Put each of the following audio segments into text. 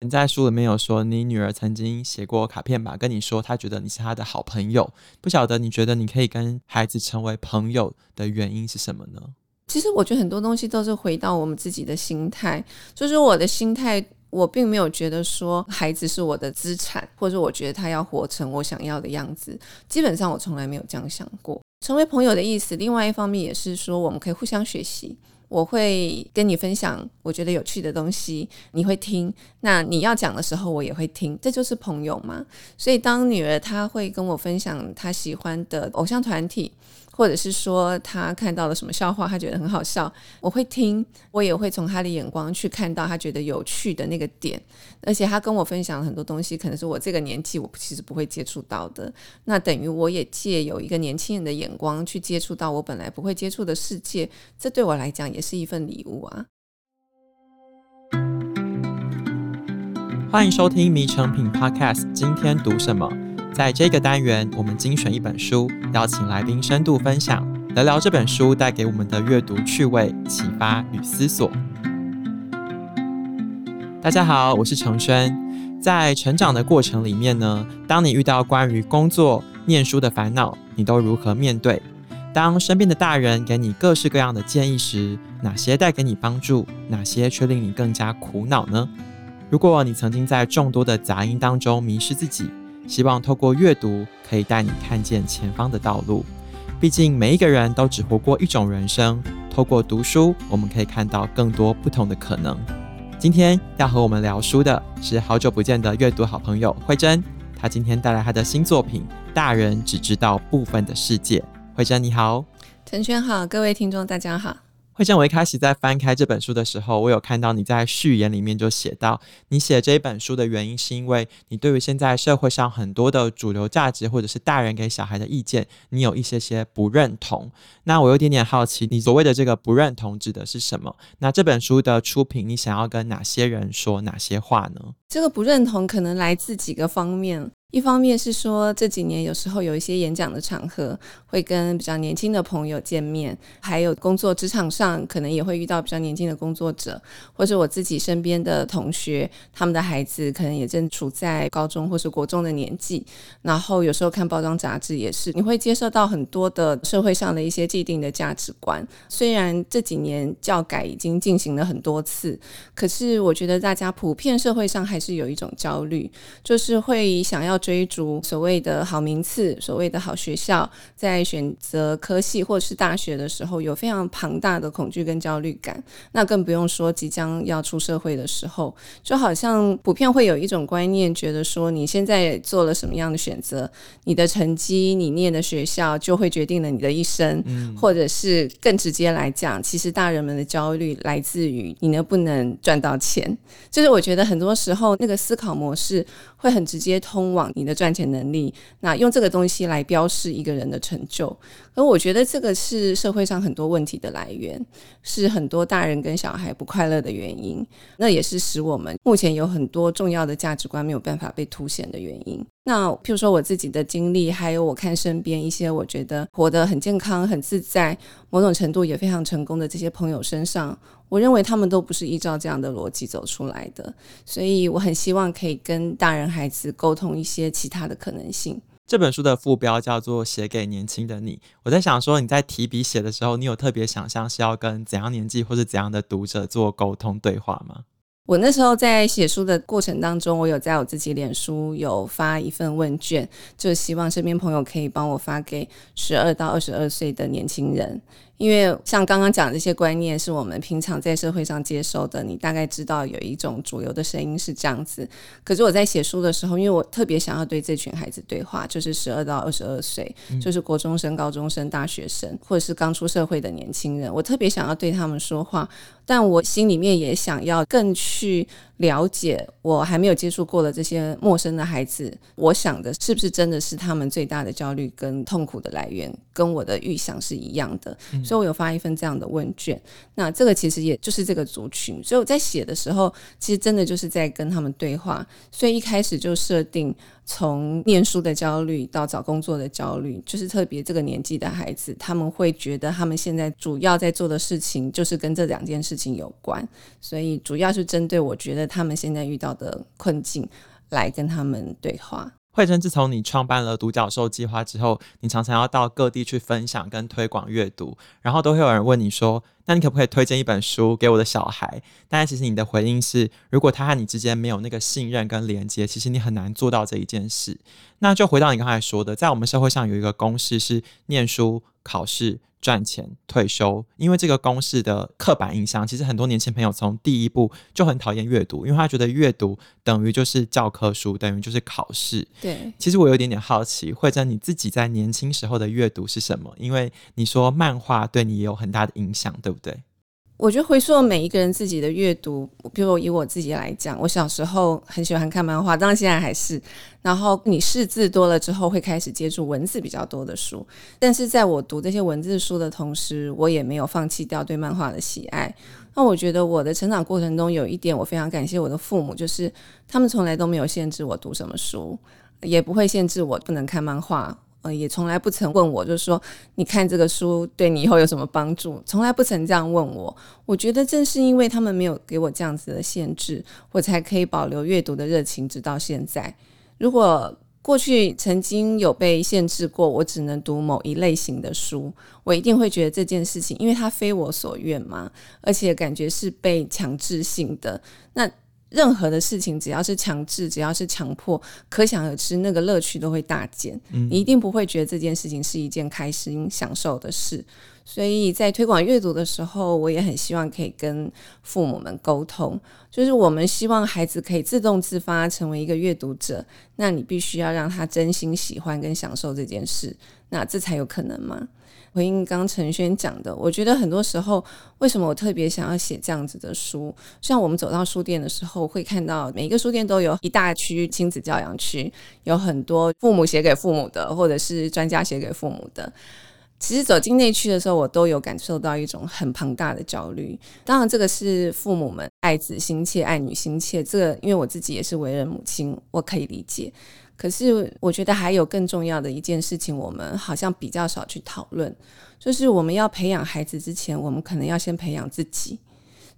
你在書裡面有說，你女兒曾經寫過卡片吧，跟你說她覺得你是她的好朋友。不曉得你覺得你可以跟孩子成為朋友的原因是什麼呢？其實我覺得很多東西都是回到我們自己的心態。就是我的心態，我並沒有覺得說孩子是我的資產，或者我覺得他要活成我想要的樣子。基本上我從來沒有這樣想過。成為朋友的意思，另外一方面也是說，我們可以互相學習。我會跟你分享我覺得有趣的東西，你會聽。那你要講的時候，我也會聽。這就是朋友嘛。所以當女兒她會跟我分享她喜歡的偶像團體。或者是說他看到了什麼笑話，他覺得很好笑，我會聽，我也會從他的眼光去看到他覺得有趣的那個點，而且他跟我分享了很多東西，可能是我這個年紀我其實不會接觸到的，那等於我也借有一個年輕人的眼光去接觸到我本來不會接觸的世界，這對我來講也是一份禮物啊。歡迎收聽《迷誠品》Podcast，今天讀什麼？在這個單元，我們精選一本書，邀請來賓深度分享，聊聊這本書帶給我們的閱讀趣味、啟發與思索。大家好，我是承軒。在成長的過程裡面呢，當你遇到關於工作、念書的煩惱，你都如何面對？當身邊的大人給你各式各樣的建議時，哪些帶給你幫助，哪些卻令你更加苦惱呢？如果你曾經在眾多的雜音當中迷失自己。希望透過閱讀可以帶你看見前方的道路。畢竟每一個人都只活過一種人生，透過讀書我們可以看到更多不同的可能。今天要和我們聊書的是好久不見的閱讀好朋友惠貞，她今天帶來她的新作品《大人只知道部分的世界》。惠貞你好。承軒好，各位聽眾大家好。會像我一開始在翻開這本書的時候，我有看到你在序言裡面就寫到，你寫這一本書的原因是因為你對於現在社會上很多的主流價值或者是大人給小孩的意見，你有一些些不認同。那我有點點好奇，你所謂的這個不認同指的是什麼？那這本書的出品，你想要跟哪些人說哪些話呢？這個不認同可能來自幾個方面。一方面是說，這幾年有時候有一些演講的場合，會跟比較年輕的朋友見面，還有工作職場上可能也會遇到比較年輕的工作者，或是我自己身邊的同學，他們的孩子可能也正處在高中或是國中的年紀。然後有時候看報章雜誌也是，你會接受到很多的社會上的一些既定的價值觀。雖然這幾年教改已經進行了很多次，可是我覺得大家普遍社會上還是有一種焦慮，就是會想要。追逐所謂的好名次、所謂的好學校，在選擇科系或者是大學的時候，有非常龐大的恐懼跟焦慮感。那更不用說即將要出社會的時候，就好像普遍會有一種觀念，覺得說你現在做了什麼樣的選擇，你的成績、你念的學校，就會決定了你的一生。嗯，或者是更直接來講，其實大人們的焦慮來自於你能不能賺到錢。就是我覺得很多時候那個思考模式會很直接通往，你的賺錢能力，那用這個東西來標示一個人的成就，而我覺得這個是社會上很多問題的來源，是很多大人跟小孩不快樂的原因，那也是使我們目前有很多重要的價值觀沒有辦法被凸顯的原因。那譬如說我自己的經歷，還有我看身邊一些我覺得活得很健康、很自在、某種程度也非常成功的這些朋友身上，我認為他們都不是依照這樣的邏輯走出來的，所以我很希望可以跟大人孩子溝通一些其他的可能性。這本書的副標叫做《寫給年輕的你》，我在想說，你在提筆寫的時候，你有特別想象是要跟怎樣年紀或是怎樣的讀者做溝通對話嗎？我那時候在寫書的過程當中，我有在我自己臉書有發一份問卷，就希望身邊朋友可以幫我發給十二到二十二歲的年輕人。因為像剛剛講的這些觀念，是我們平常在社會上接受的，你大概知道有一種主流的聲音是這樣子。可是我在寫書的時候，因為我特別想要對這群孩子對話，就是十二到二十二歲，就是國中生、高中生、大學生，或者是剛出社會的年輕人，我特別想要對他們說話，但我心裡面也想要更去。了解我還沒有接觸過的這些陌生的孩子，我想的是不是真的是他們最大的焦慮跟痛苦的來源？跟我的預想是一樣的，嗯。所以我有發一份這樣的問卷。那這個其實也就是這個族群，所以我在寫的時候，其實真的就是在跟他們對話，所以一開始就設定。從念書的焦慮到找工作的焦慮，就是特別這個年紀的孩子，他們會覺得他們現在主要在做的事情就是跟這兩件事情有關，所以主要是針對我覺得他們現在遇到的困境來跟他們對話。惠貞，自從你創辦了獨角獸計劃之後，你常常要到各地去分享跟推廣閱讀，然後都會有人問你說。那你可不可以推薦一本書給我的小孩？但其實，其實你的回應是，如果他和你之間沒有那個信任跟連接，其實你很難做到這一件事。那就回到你剛才說的，在我們社會上有一個公式是：念書、考試、賺錢、退休。因為這個公式的刻板印象，其實很多年輕朋友從第一步就很討厭閱讀，因為他覺得閱讀等於就是教科書，等於就是考試。對，其實我有一點點好奇，或者你自己在年輕時候的閱讀是什麼？因為你說漫畫對你也有很大的影響，對不對？對，我覺得回溯每一個人自己的閱讀，比如以我自己來講，我小時候很喜歡看漫畫，當然現在還是。然後你識字多了之後，會開始接觸文字比較多的書。但是在我讀這些文字書的同時，我也沒有放棄掉對漫畫的喜愛。那我覺得我的成長過程中有一點，我非常感謝我的父母，就是他們從來都沒有限制我讀什麼書，也不會限制我不能看漫畫。呃，也從來不曾問我，就是說，你看這個書對你以後有什麼幫助？從來不曾這樣問我。我覺得正是因為他們沒有給我這樣子的限制，我才可以保留閱讀的熱情，直到現在。如果過去曾經有被限制過，我只能讀某一類型的書，我一定會覺得這件事情，因為它非我所願嘛，而且感覺是被強制性的。那。任何的事情，只要是強制，只要是強迫，可想而知，那個樂趣都會大減。嗯、你一定不會覺得這件事情是一件開心、享受的事。所以在推廣閱讀的時候，我也很希望可以跟父母們溝通，就是我們希望孩子可以自動自發成為一個閱讀者，那你必須要讓他真心喜歡跟享受這件事，那這才有可能嘛。回應剛承軒講的，我覺得很多時候，為什麼我特別想要寫這樣子的書？像我們走到書店的時候，會看到每一個書店都有一大區親子教養區，有很多父母寫給父母的，或者是專家寫給父母的。其實走進那區的時候，我都有感受到一種很龐大的焦慮。當然，這個是父母們愛子心切、愛女心切。這個因為我自己也是為人母親，我可以理解。可是，我覺得還有更重要的一件事情，我們好像比較少去討論，就是我們要培養孩子之前，我們可能要先培養自己。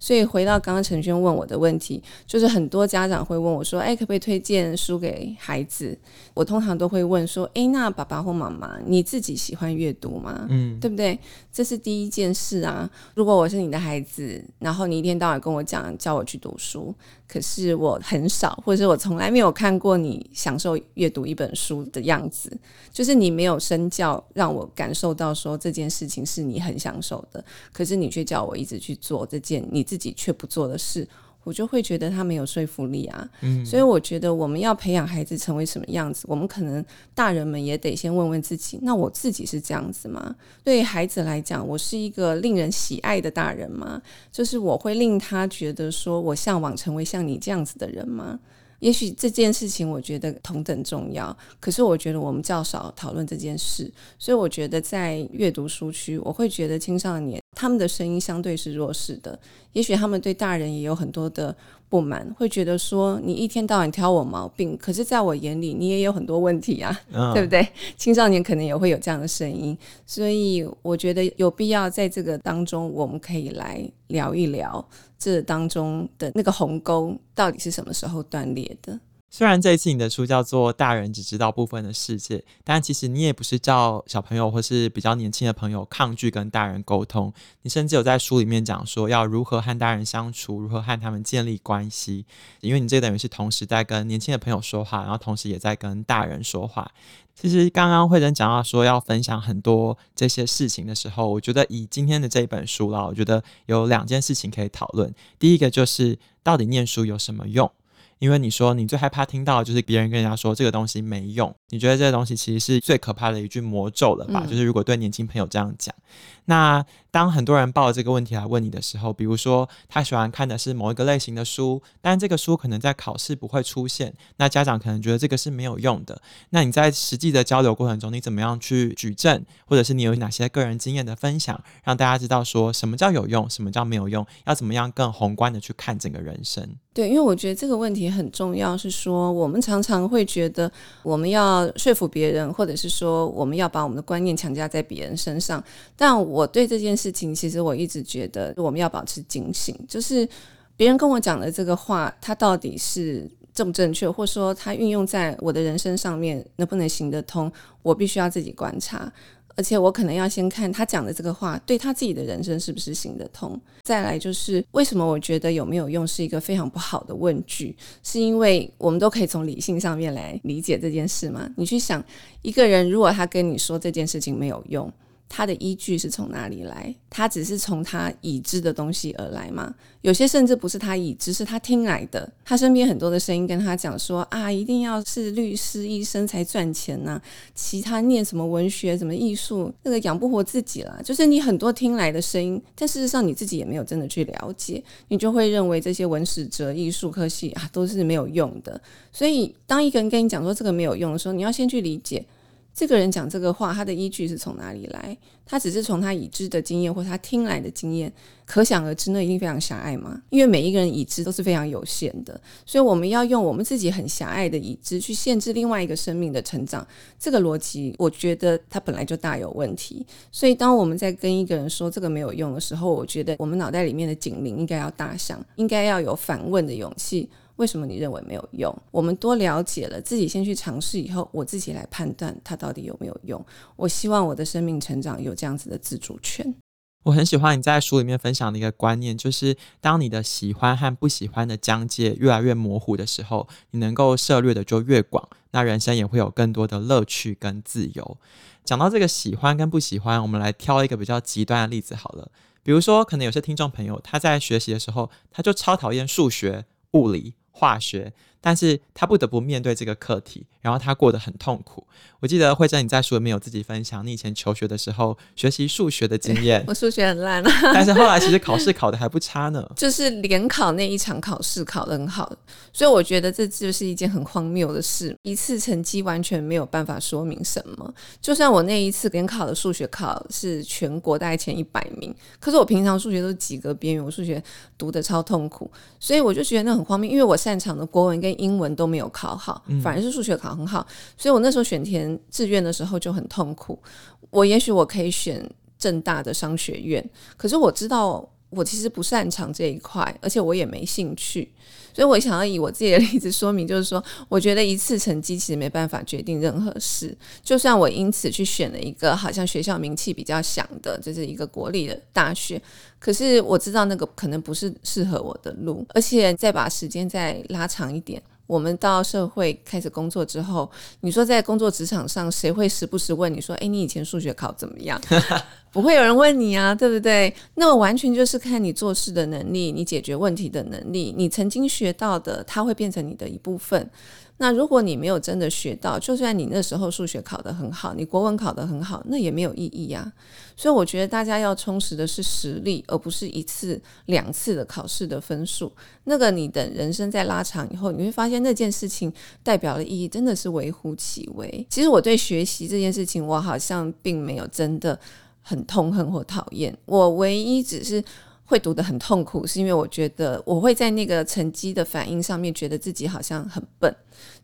所以回到剛剛承軒問我的問題，就是很多家長會問我說：“哎、欸，可不可以推薦書給孩子？”我通常都會問說：“哎、欸，那爸爸或媽媽，你自己喜歡閱讀嗎？嗯，對不對？這是第一件事啊。如果我是你的孩子，然後你一天到晚跟我講叫我去讀書，可是我很少或者是我從來沒有看過你享受閱讀一本書的樣子，就是你沒有身教讓我感受到說這件事情是你很享受的，可是你卻叫我一直去做這件你。”自己卻不做的事，我就會覺得他沒有說服力啊。嗯，所以我覺得我們要培養孩子成為什麼樣子，我們可能大人們也得先問問自己，那我自己是這樣子嗎？對於孩子來講，我是一個令人喜愛的大人嗎？就是我會令他覺得說我嚮往成為像你這樣子的人嗎？也許這件事情我覺得同等重要，可是我覺得我們較少討論這件事，所以我覺得在閱讀書區，我會覺得青少年。他們的聲音相對是弱勢的，也許他們對大人也有很多的不滿，會覺得說你一天到晚挑我毛病，可是在我眼裡你也有很多問題啊，Oh. 對不對？青少年可能也會有這樣的聲音，所以我覺得有必要在這個當中，我們可以來聊一聊這當中的那個鴻溝到底是什麼時候斷裂的。雖然這一次你的書叫做《大人只知道部分的世界》，但其實你也不是叫小朋友或是比較年輕的朋友抗拒跟大人溝通。你甚至有在書裡面講說要如何和大人相處，如何和他們建立關係。因為你這等於是同時在跟年輕的朋友說話，然後同時也在跟大人說話。其實剛剛惠貞講到說要分享很多這些事情的時候，我覺得以今天的這一本書啦，我覺得有兩件事情可以討論。第一個就是到底念書有什麼用？因為你說你最害怕聽到的就是別人跟人家說這個東西沒用，你覺得這個東西其實是最可怕的一句魔咒了吧？嗯、就是如果對年輕朋友這樣講，那。當很多人抱這個問題來問你的時候，比如說他喜歡看的是某一個類型的書，但這個書可能在考試不會出現，那家長可能覺得這個是沒有用的。那你在實際的交流過程中，你怎麼樣去舉證，或者是你有哪些個人經驗的分享，讓大家知道說什麼叫有用，什麼叫沒有用，要怎麼樣更宏觀的去看整個人生？對，因為我覺得這個問題很重要，是說我們常常會覺得我們要說服別人，或者是說我們要把我們的觀念強加在別人身上，但我對這件事。事情其實我一直覺得我們要保持警醒，就是別人跟我講的這個話，他到底是正不正確，或者說他運用在我的人生上面能不能行得通，我必須要自己觀察，而且我可能要先看他講的這個話對他自己的人生是不是行得通。再來就是為什麼我覺得有沒有用是一個非常不好的問句，是因為我們都可以從理性上面來理解這件事嘛？你去想一個人如果他跟你說這件事情沒有用。他的依據是從哪裡來？他只是從他已知的東西而來嗎？有些甚至不是他已知，是他聽來的。他身邊很多的聲音跟他講說：“啊，一定要是律師、醫生才賺錢吶、啊！其他念什麼文學、什麼藝術，那個養不活自己了。”就是你很多聽來的聲音，但事實上你自己也沒有真的去了解，你就會認為這些文史哲、藝術科系啊都是沒有用的。所以，當一個人跟你講說這個沒有用的時候，你要先去理解。這個人講這個話，他的依據是從哪裡來？他只是從他已知的經驗或他聽來的經驗，可想而知，那一定非常狹隘嘛。因為每一個人已知都是非常有限的，所以我們要用我們自己很狹隘的已知去限制另外一個生命的成長，這個邏輯我覺得它本來就大有問題。所以當我們在跟一個人說這個沒有用的時候，我覺得我們腦袋裡面的警鈴應該要大響，應該要有反問的勇氣。為什麼你認為沒有用？我們多了解了，自己先去嘗試以後，我自己來判斷它到底有沒有用。我希望我的生命成長有這樣子的自主權。我很喜歡你在書裡面分享的一個觀念，就是當你的喜歡和不喜歡的疆界越來越模糊的時候，你能夠涉獵的就越廣，那人生也會有更多的樂趣跟自由。講到這個喜歡跟不喜歡，我們來挑一個比較極端的例子好了。比如說，可能有些聽眾朋友他在學習的時候，他就超討厭數學、物理。化學。但是他不得不面對這個課題，然後他過得很痛苦。我記得惠貞，你在書裡面有自己分享你以前求學的時候學習數學的經驗，哎，我數學很爛啊，但是後來其實考試考的還不差呢。就是聯考那一場考試考的很好，所以我覺得這就是一件很荒謬的事。一次成績完全沒有辦法說明什麼。就算我那一次聯考的數學考是全國大概前一百名，可是我平常數學都是及格邊緣，我數學讀的超痛苦，所以我就覺得那很荒謬，因為我擅長的國文跟英文都沒有考好，反而是數學考很好。嗯、所以我那時候選填志願的時候就很痛苦。我也許我可以選政大的商學院，可是我知道我其實不擅長這一塊，而且我也沒興趣。所以，我想要以我自己的例子說明，就是說，我覺得一次成績其實沒辦法決定任何事。就算我因此去選了一個好像學校名氣比較響的，就是一個國立的大學，可是我知道那個可能不是適合我的路，而且再把時間再拉長一點。我們到社會開始工作之後，你說在工作職場上，誰會時不時問你說：“哎，你以前數學考怎麼樣？” 不會有人問你啊，對不對？那麼完全就是看你做事的能力，你解決問題的能力，你曾經學到的，它會變成你的一部分。那如果你沒有真的學到，就算你那時候數學考得很好，你國文考得很好，那也沒有意義呀、啊。所以我覺得大家要充實的是實力，而不是一次兩次的考試的分數。那個你等人生再拉長以後，你會發現那件事情代表的意義真的是微乎其微。其實我對學習這件事情，我好像並沒有真的很痛恨或討厭，我唯一只是。會讀得很痛苦，是因為我覺得我會在那個成績的反應上面，覺得自己好像很笨，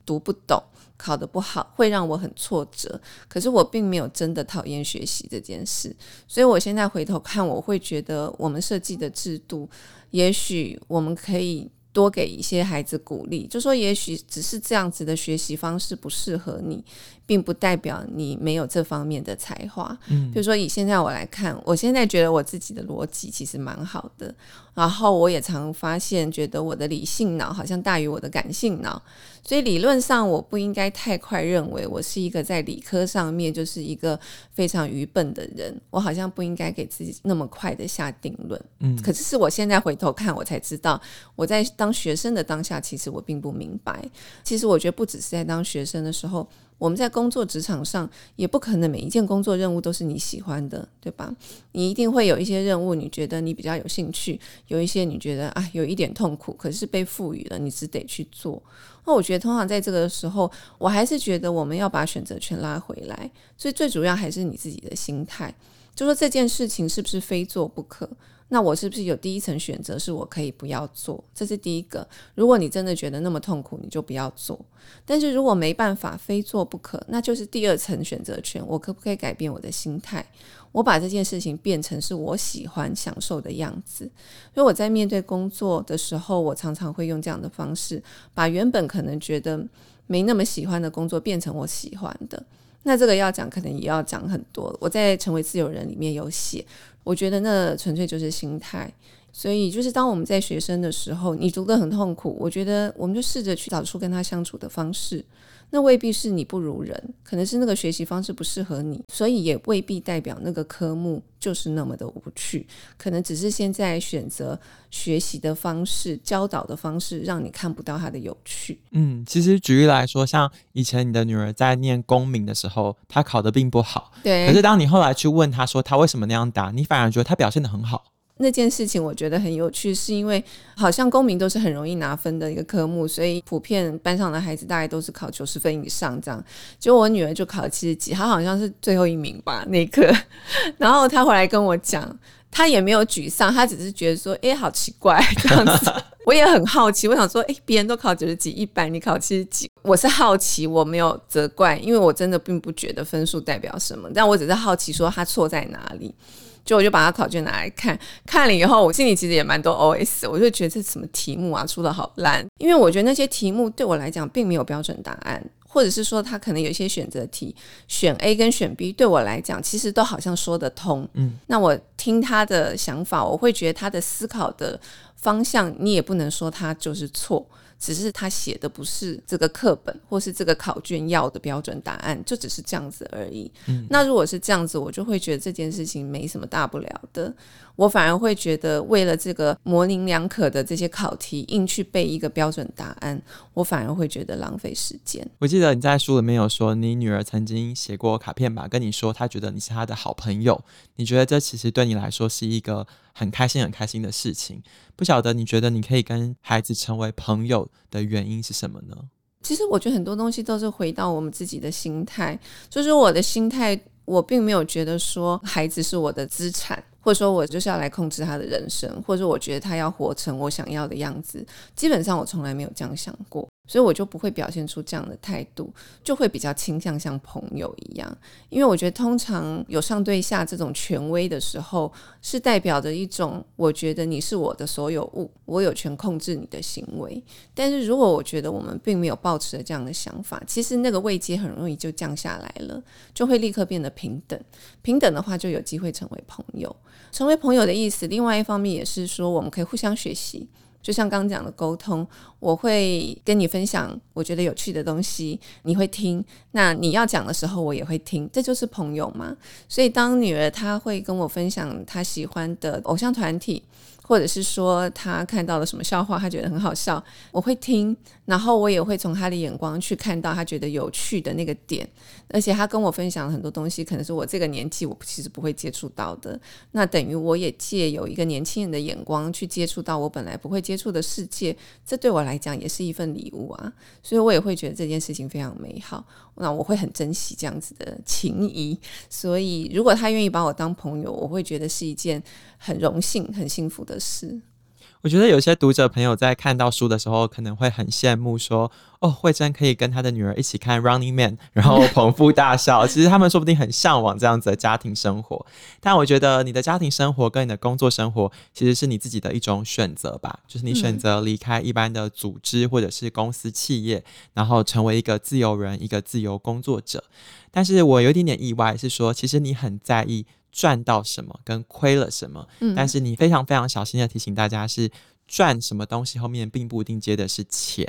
讀不懂，考得不好，會讓我很挫折。可是我並沒有真的討厭學習這件事，所以我現在回頭看，我會覺得我們設計的制度，也許我們可以多給一些孩子鼓勵，就說也許只是這樣子的學習方式不適合你。並不代表你沒有這方面的才華。嗯，就是說以現在我來看，我現在覺得我自己的邏輯其實蠻好的。然後我也常發現，覺得我的理性腦好像大於我的感性腦，所以理論上我不應該太快認為我是一個在理科上面就是一個非常愚笨的人。我好像不應該給自己那麼快的下定論。嗯，可是，是我現在回頭看，我才知道我在當學生的當下，其實我並不明白。其實我覺得不只是在當學生的時候。我們在工作職場上也不可能每一件工作任務都是你喜歡的，對吧？你一定會有一些任務，你覺得你比較有興趣，有一些你覺得啊有一點痛苦，可是是被賦予了，你只得去做。那我覺得通常在這個時候，我還是覺得我們要把選擇權拉回來，所以最主要還是你自己的心態。就說這件事情是不是非做不可？那我是不是有第一層選擇，是我可以不要做？這是第一個。如果你真的覺得那麼痛苦，你就不要做。但是如果沒辦法非做不可，那就是第二層選擇權。我可不可以改變我的心態？我把這件事情變成是我喜歡、享受的樣子。所以我在面對工作的時候，我常常會用這樣的方式，把原本可能覺得沒那麼喜歡的工作變成我喜歡的。那這個要講，可能也要講很多。我在《成為自由人》裡面有寫，我覺得那純粹就是心態。所以，就是當我們在學生的時候，你讀得很痛苦，我覺得我們就試着去找出跟他相處的方式。那未必是你不如人，可能是那個學習方式不適合你，所以也未必代表那個科目就是那麼的無趣，可能只是現在選擇學習的方式、教導的方式，讓你看不到它的有趣。嗯，其實舉例來說，像以前你的女兒在念公民的時候，她考得並不好，對。可是當你後來去問她說她為什麼那樣答，你反而覺得她表現得很好。那件事情我覺得很有趣，是因為好像公民都是很容易拿分的一個科目，所以普遍班上的孩子大概都是考九十分以上這樣。就我女兒就考七十幾，她好像是最後一名吧那科。然後她回來跟我講，她也沒有沮喪，她只是覺得說：“哎，好奇怪這樣子。”我也很好奇，我想說：“哎，別人都考九十幾、一百，你考七十幾？”我是好奇，我沒有責怪，因為我真的並不覺得分數代表什麼，但我只是好奇說她錯在哪裡。就我就把他考卷拿來看，看了以後，我心裡其實也蠻多 O S，我就覺得這什麼題目啊出得好爛，因為我覺得那些題目對我來講並沒有標準答案，或者是說他可能有一些選擇題，選 A 跟選 B 對我來講其實都好像說得通，嗯，那我聽他的想法，我會覺得他的思考的方向，你也不能說他就是錯。只是他寫的不是這個課本或是這個考卷，要的標準答案，就只是這樣子而已。嗯。那如果是這樣子，我就會覺得這件事情沒什麼大不了的。我反而會覺得，為了這個模棱兩可的這些考題，硬去背一個標準答案，我反而會覺得浪費時間。我記得你在書裡面有說，你女兒曾經寫過卡片吧，跟你說她覺得你是她的好朋友。你覺得這其實對你來說是一個很開心、很開心的事情。不曉得你覺得你可以跟孩子成為朋友的原因是什麼呢？其實我覺得很多東西都是回到我們自己的心態。就是我的心態，我並沒有覺得說孩子是我的資產。或者說我就是要來控制他的人生，或者我覺得他要活成我想要的樣子。基本上我從來沒有這樣想過。所以我就不會表現出這樣的態度，就會比較傾向像朋友一樣。因為我覺得，通常有上對下這種權威的時候，是代表着一種，我覺得你是我的所有物，我有權控制你的行為。但是如果我覺得我們並沒有抱持着這樣的想法，其實那個位階很容易就降下來了，就會立刻變得平等。平等的話，就有機會成為朋友。成為朋友的意思，另外一方面也是說，我們可以互相學習。就像剛剛講的溝通，我會跟你分享我覺得有趣的東西，你會聽。那你要講的時候，我也會聽。這就是朋友嘛。所以當女兒她會跟我分享她喜歡的偶像團體，或者是說他看到了什麼笑話，他覺得很好笑，我會聽，然後我也會從他的眼光去看到他覺得有趣的那個點，而且他跟我分享了很多東西，可能是我這個年紀我其實不會接觸到的，那等於我也借有一個年輕人的眼光去接觸到我本來不會接觸的世界，這對我來講也是一份禮物啊，所以我也會覺得這件事情非常美好，那我會很珍惜這樣子的情誼，所以如果他願意把我當朋友，我會覺得是一件很榮幸、很幸福的。是，我覺得有些讀者朋友在看到書的時候，可能會很羨慕，說：“哦，惠貞可以跟她的女兒一起看《Running Man》，然後捧腹大笑。”其實他們說不定很向往這樣子的家庭生活。但我覺得你的家庭生活跟你的工作生活，其實是你自己的一種選擇吧。就是你選擇離開一般的組織或者是公司企業，嗯、然後成為一個自由人，一個自由工作者。但是我有一點點意外，是說其實你很在意，賺到什麼跟虧了什麼，嗯，但是你非常非常小心的提醒大家，是賺什麼東西後面並不一定接的是錢。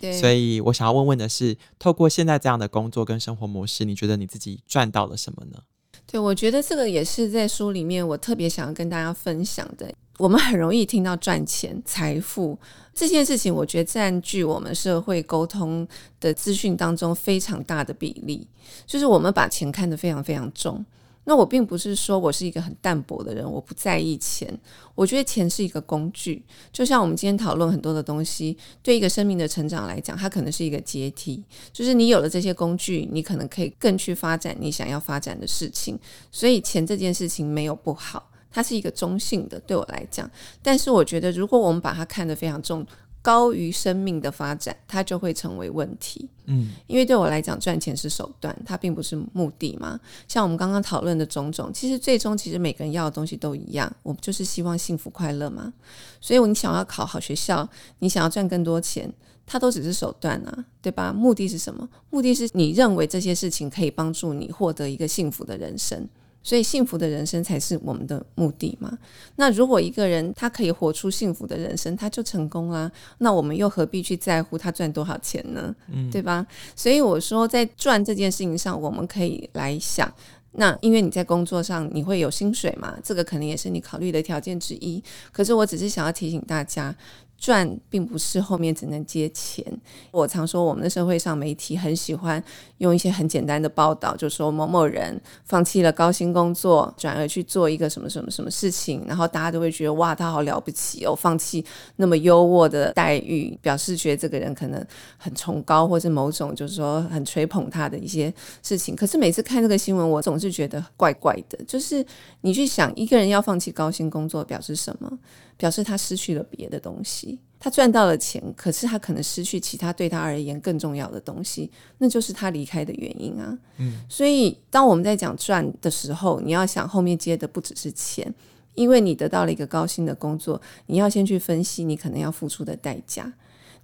對，所以我想要問問的是，透過現在這樣的工作跟生活模式，你覺得你自己賺到了什麼呢？對，我覺得這個也是在書裡面我特別想要跟大家分享的。我們很容易聽到賺錢、財富這件事情，我覺得佔據我們社會溝通的資訊當中非常大的比例，就是我們把錢看得非常非常重。那我並不是說我是一個很淡泊的人，我不在意錢。我覺得錢是一個工具，就像我們今天討論很多的東西，對一個生命的成長來講，它可能是一個階梯。就是你有了這些工具，你可能可以更去發展你想要發展的事情。所以錢這件事情沒有不好，它是一個中性的，對我來講。但是我覺得，如果我們把它看得非常重，高於生命的發展，它就會成為問題。嗯，因為對我來講，賺錢是手段，它並不是目的嘛。像我們剛剛討論的種種，其實最終其實每個人要的東西都一樣，我們就是希望幸福快樂嘛。所以你想要考好學校，你想要賺更多錢，它都只是手段啊，對吧？目的是什麼？目的是你認為這些事情可以幫助你獲得一個幸福的人生。所以，幸福的人生才是我們的目的嘛。那如果一個人他可以活出幸福的人生，他就成功啦。那我們又何必去在乎他賺多少錢呢？嗯，對吧？所以我說，在賺這件事情上，我們可以來想。那因為你在工作上你會有薪水嘛，這個可能也是你考慮的條件之一。可是，我只是想要提醒大家。賺並不是後面只能接錢。我常說，我們的社會上媒體很喜歡用一些很簡單的報道，就說某某人放棄了高薪工作，轉而去做一個什麼什麼什麼事情，然後大家都會覺得哇，他好了不起哦，放棄那麼優渥的待遇，表示覺得這個人可能很崇高，或者某種就是說很吹捧他的一些事情。可是每次看這個新聞，我總是覺得怪怪的，就是你去想一個人要放棄高薪工作，表示什麼？表示他失去了別的東西，他賺到了錢，可是他可能失去其他對他而言更重要的東西，那就是他離開的原因啊。嗯，所以當我們在講賺的時候，你要想後面接的不只是錢，因為你得到了一個高薪的工作，你要先去分析你可能要付出的代價。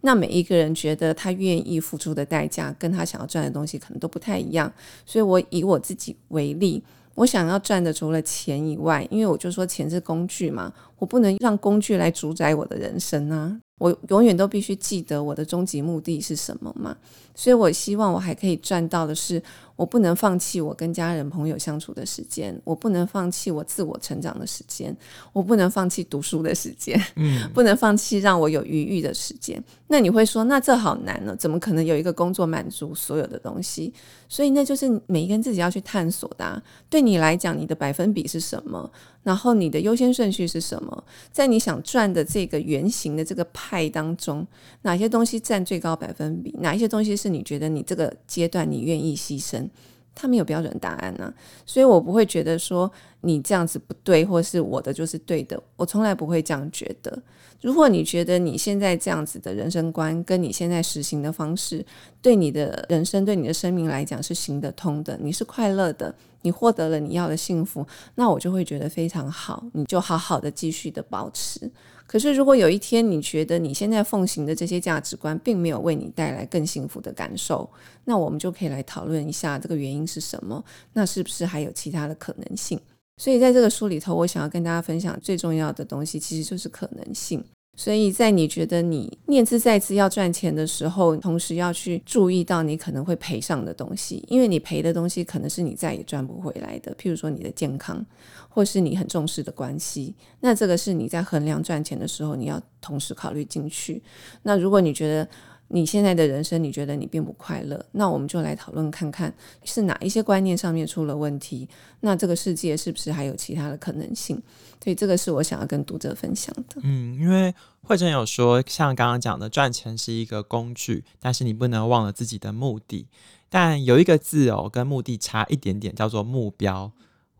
那每一個人覺得他願意付出的代價，跟他想要賺的東西可能都不太一樣。所以我以我自己為例，我想要賺的除了錢以外，因為我就說錢是工具嘛。我不能讓工具來主宰我的人生啊！我永遠都必須記得我的終極目的是什麼嘛。所以我希望我還可以賺到的是，我不能放棄我跟家人朋友相處的時間，我不能放棄我自我成長的時間，我不能放棄讀書的時間，嗯，不能放棄讓我有餘裕的時間。那你會說，那這好難呢？怎麼可能有一個工作滿足所有的東西？所以那就是每個人自己要去探索的啊。對你來講，你的百分比是什麼？然後你的優先順序是什麼？在你想賺的這個圓形的這個派當中，哪些東西占最高百分比？哪一些東西是你覺得你這個階段你願意犧牲？他沒有標準答案呢、啊，所以我不會覺得說，你這樣子不對，或是我的就是對的，我從來不會這樣覺得。如果你覺得你現在這樣子的人生觀，跟你現在實行的方式，對你的人生、對你的生命來講是行得通的，你是快樂的，你獲得了你要的幸福，那我就會覺得非常好，你就好好的繼續的保持。可是，如果有一天你覺得你現在奉行的這些價值觀並沒有為你帶來更幸福的感受，那我們就可以來討論一下這個原因是什麼。那是不是還有其他的可能性？所以，在這個書裡頭，我想要跟大家分享最重要的東西，其實就是可能性。所以在你覺得你念茲在茲要賺錢的時候，同時要去注意到你可能會賠上的東西，因為你賠的東西可能是你再也賺不回來的。譬如說，你的健康。或是你很重視的關係，那這個是你在衡量賺錢的時候，你要同時考慮進去。那如果你覺得你現在的人生，你覺得你並不快樂，那我們就來討論看看是哪一些觀念上面出了問題。那這個世界是不是還有其他的可能性？所以這個是我想要跟讀者分享的。嗯，因為惠貞有說，像剛剛講的，賺錢是一個工具，但是你不能忘了自己的目的。但有一個字哦，跟目的差一點點，叫做目標。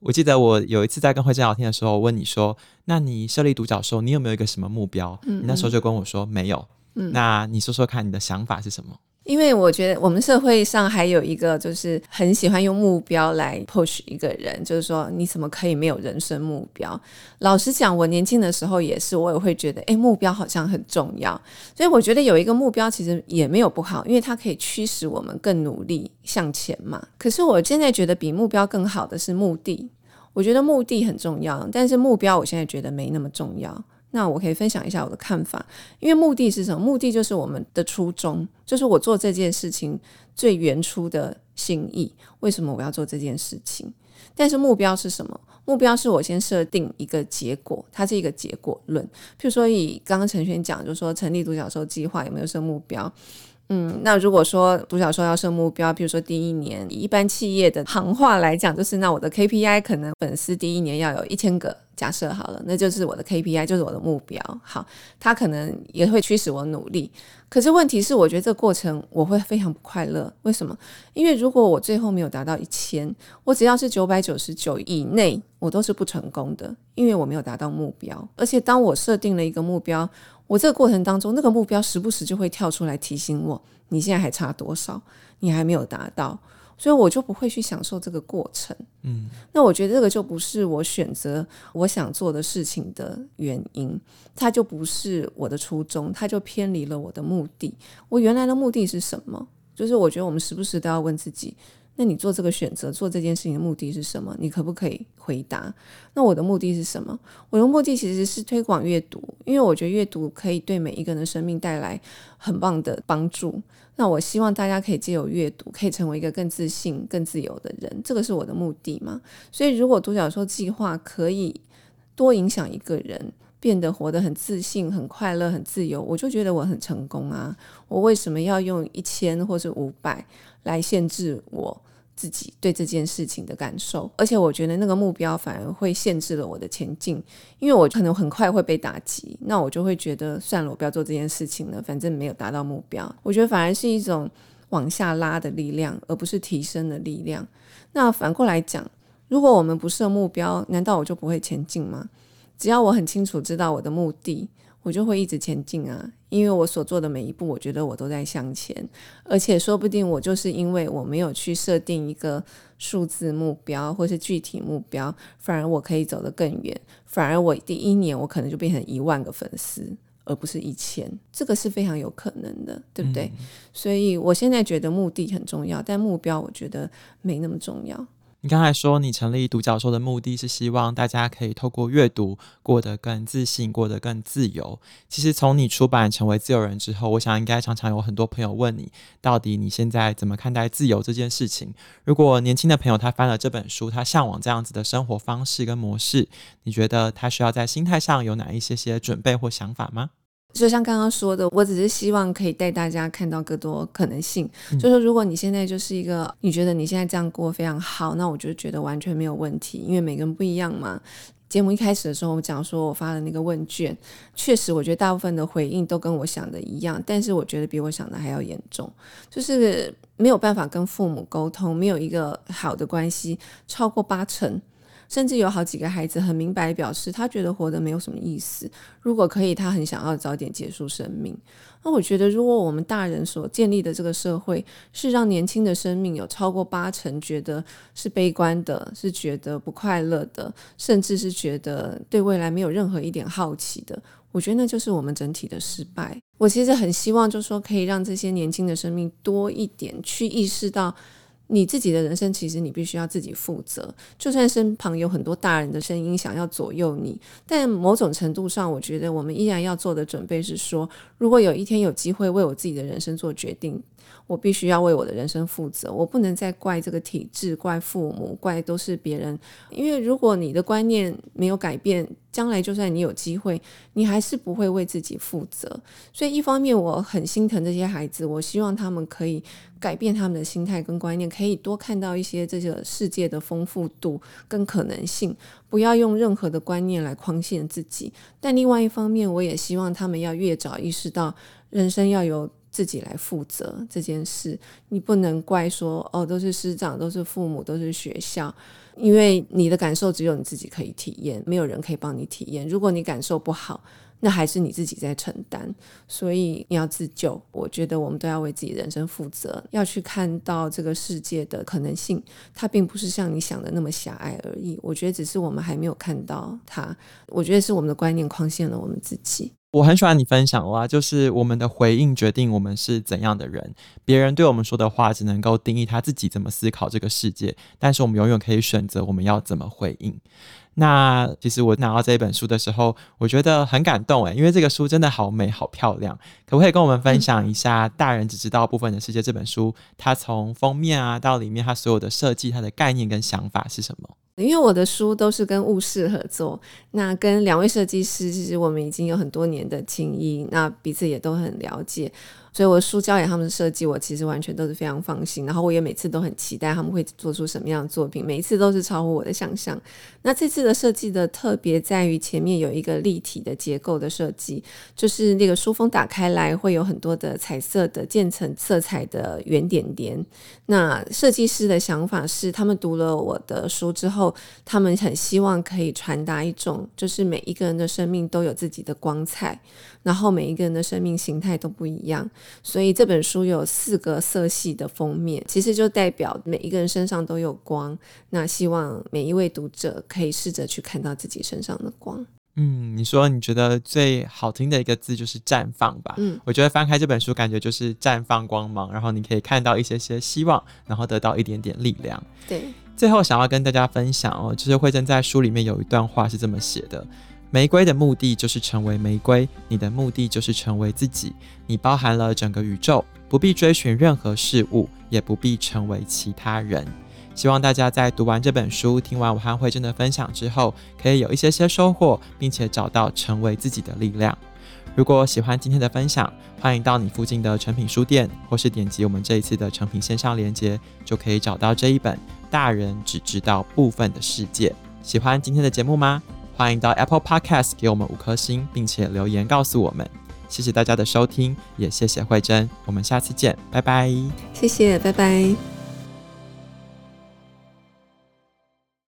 我記得我有一次在跟惠貞聊天的時候，我問你說：“那你設立獨角獸，你有沒有一個什麼目標？”嗯，嗯，你那時候就跟我說沒有。嗯，那你說說看，你的想法是什麼？因為我覺得我們社會上還有一個就是很喜歡用目標來 push 一個人，就是說你怎麼可以沒有人生目標？老實講，我年輕的時候也是，我也會覺得，誒，目標好像很重要。所以我覺得有一個目標其實也沒有不好，因為它可以驅使我們更努力向前嘛。可是我現在覺得比目標更好的是目的，我覺得目的很重要，但是目標我現在覺得沒那麼重要。那我可以分享一下我的看法，因為目的是什麼？目的就是我們的初衷，就是我做這件事情最原初的心意。為什麼我要做這件事情？但是目標是什麼？目標是我先設定一個結果，它是一個結果論。譬如說，以剛剛承軒講，就是說成立獨角獸計劃有沒有設目標？嗯，那如果說獨角獸要設目標，比如說第一年，以一般企業的行話來講，就是那我的 KPI 可能粉絲第一年要有一千個，假設好了，那就是我的 KPI，就是我的目標。好，它可能也會驅使我努力。可是問題是，我覺得這個過程我會非常不快樂。為什麼？因為如果我最後沒有達到一千，我只要是九百九十九以內，我都是不成功的，因為我沒有達到目標。而且當我設定了一個目標。我這個過程當中，那個目標時不時就會跳出來提醒我，你現在還差多少？你還沒有達到，所以我就不會去享受這個過程。嗯，那我覺得這個就不是我選擇我想做的事情的原因，它就不是我的初衷，它就偏離了我的目的。我原來的目的是什麼？就是我覺得我們時不時都要問自己。那你做這個選擇做這件事情的目的是什麼？你可不可以回答？那我的目的是什麼？我的目的其實是推廣閱讀，因為我覺得閱讀可以對每一個人的生命帶來很棒的幫助。那我希望大家可以借由閱讀，可以成為一個更自信、更自由的人，這個是我的目的嘛？所以，如果獨角獸計劃可以多影響一個人，變得活得很自信、很快樂、很自由，我就覺得我很成功啊！我為什麼要用一千或是五百來限制我？自己對這件事情的感受，而且我覺得那個目標反而會限制了我的前進，因為我可能很快會被打擊，那我就會覺得算了，我不要做這件事情了，反正沒有達到目標。我覺得反而是一種往下拉的力量，而不是提升的力量。那反過來講，如果我們不設目標，難道我就不會前進嗎？只要我很清楚知道我的目的，我就會一直前進啊，因為我所做的每一步，我覺得我都在向前，而且說不定我就是因為我沒有去設定一個數字目標或是具體目標，反而我可以走得更遠，反而我第一年我可能就變成一萬個粉絲，而不是一千，這個是非常有可能的，對不對？嗯嗯，所以我現在覺得目的很重要，但目標我覺得沒那麼重要。你剛才說，你成立獨角獸的目的是希望大家可以透過閱讀過得更自信，過得更自由。其實從你出版成為自由人之後，我想應該常常有很多朋友問你，到底你現在怎麼看待自由這件事情？如果年輕的朋友他翻了這本書，他嚮往這樣子的生活方式跟模式，你覺得他需要在心態上有哪一些些準備或想法嗎？就像剛剛說的，我只是希望可以帶大家看到更多可能性。嗯，就是說，如果你現在就是一個你覺得你現在這樣過非常好，那我就覺得完全沒有問題，因為每個人不一樣嘛。節目一開始的時候，我講說我發的那個問卷，確實我覺得大部分的回應都跟我想的一樣，但是我覺得比我想的還要嚴重，就是沒有辦法跟父母溝通，沒有一個好的關係，超過八成。甚至有好幾個孩子很明白表示，他覺得活得沒有什麼意思。如果可以，他很想要早點結束生命。那我覺得，如果我們大人所建立的這個社會，是讓年輕的生命有超過八成覺得是悲觀的，是覺得不快樂的，甚至是覺得對未來沒有任何一點好奇的，我覺得那就是我們整體的失敗。我其實很希望，就是說可以讓這些年輕的生命多一點去意識到。你自己的人生，其實你必須要自己負責。就算身旁有很多大人的聲音想要左右你，但某種程度上，我覺得我們依然要做的準備是說，如果有一天有機會為我自己的人生做決定。我必須要為我的人生負責，我不能再怪這個體制、怪父母、怪都是別人，因為如果你的觀念沒有改變，將來就算你有機會，你還是不會為自己負責。所以一方面我很心疼這些孩子，我希望他們可以改變他們的心態跟觀念，可以多看到一些這個世界的豐富度跟可能性，不要用任何的觀念來框限自己。但另外一方面，我也希望他們要越早意識到人生要有。自己來負責這件事，你不能怪說哦，都是師長，都是父母，都是學校，因為你的感受只有你自己可以體驗，沒有人可以幫你體驗。如果你感受不好，那還是你自己在承擔，所以你要自救。我覺得我們都要為自己人生負責，要去看到這個世界的可能性，它並不是像你想的那麼狹隘而已。我覺得只是我們還沒有看到它，我覺得是我們的觀念框限了我們自己。我很喜歡你分享哇，就是我們的回應決定我們是怎樣的人。別人對我們說的話，只能夠定義他自己怎麼思考這個世界，但是我們永遠可以選擇我們要怎麼回應。那其實我拿到這本書的時候，我覺得很感動誒，因為這個書真的好美好漂亮。可不可以跟我們分享一下《大人只知道部分的世界》這本書？它從封面啊到裡面，它所有的設計、它的概念跟想法是什麼？因為我的書都是跟霧室合作，那跟兩位設計師其實我們已經有很多年的情誼，那彼此也都很了解。所以我的書交給他們的設計，我其實完全都是非常放心。然後我也每次都很期待他們會做出什麼樣的作品，每一次都是超乎我的想象。那這次的設計的特別在於前面有一個立體的結構的設計，就是那個書封打開來會有很多的彩色的漸層色彩的圓點點。那設計師的想法是，他們讀了我的書之後，他們很希望可以傳達一種，就是每一個人的生命都有自己的光彩。然後每一個人的生命形態都不一樣，所以這本書有四個色系的封面，其實就代表每一個人身上都有光。那希望每一位讀者可以試着去看到自己身上的光。嗯，你說你覺得最好聽的一個字就是“綻放”吧？嗯，我覺得翻開這本書，感覺就是綻放光芒，然後你可以看到一些些希望，然後得到一點點力量。對，最後想要跟大家分享哦，就是惠貞在書裡面有一段話是這麼寫的。玫瑰的目的就是成為玫瑰，你的目的就是成為自己。你包含了整個宇宙，不必追尋任何事物，也不必成為其他人。希望大家在讀完這本書、聽完我和惠貞的分享之後，可以有一些些收穫，並且找到成為自己的力量。如果喜歡今天的分享，歡迎到你附近的誠品書店，或是點擊我們這一次的誠品線上連接，就可以找到這一本《大人只知道部分的世界》。喜歡今天的節目嗎？歡迎到 Apple Podcast 給我們五顆星，並且留言告訴我們。謝謝大家的收聽，也謝謝惠貞。我們下次見，拜拜。謝謝，拜拜。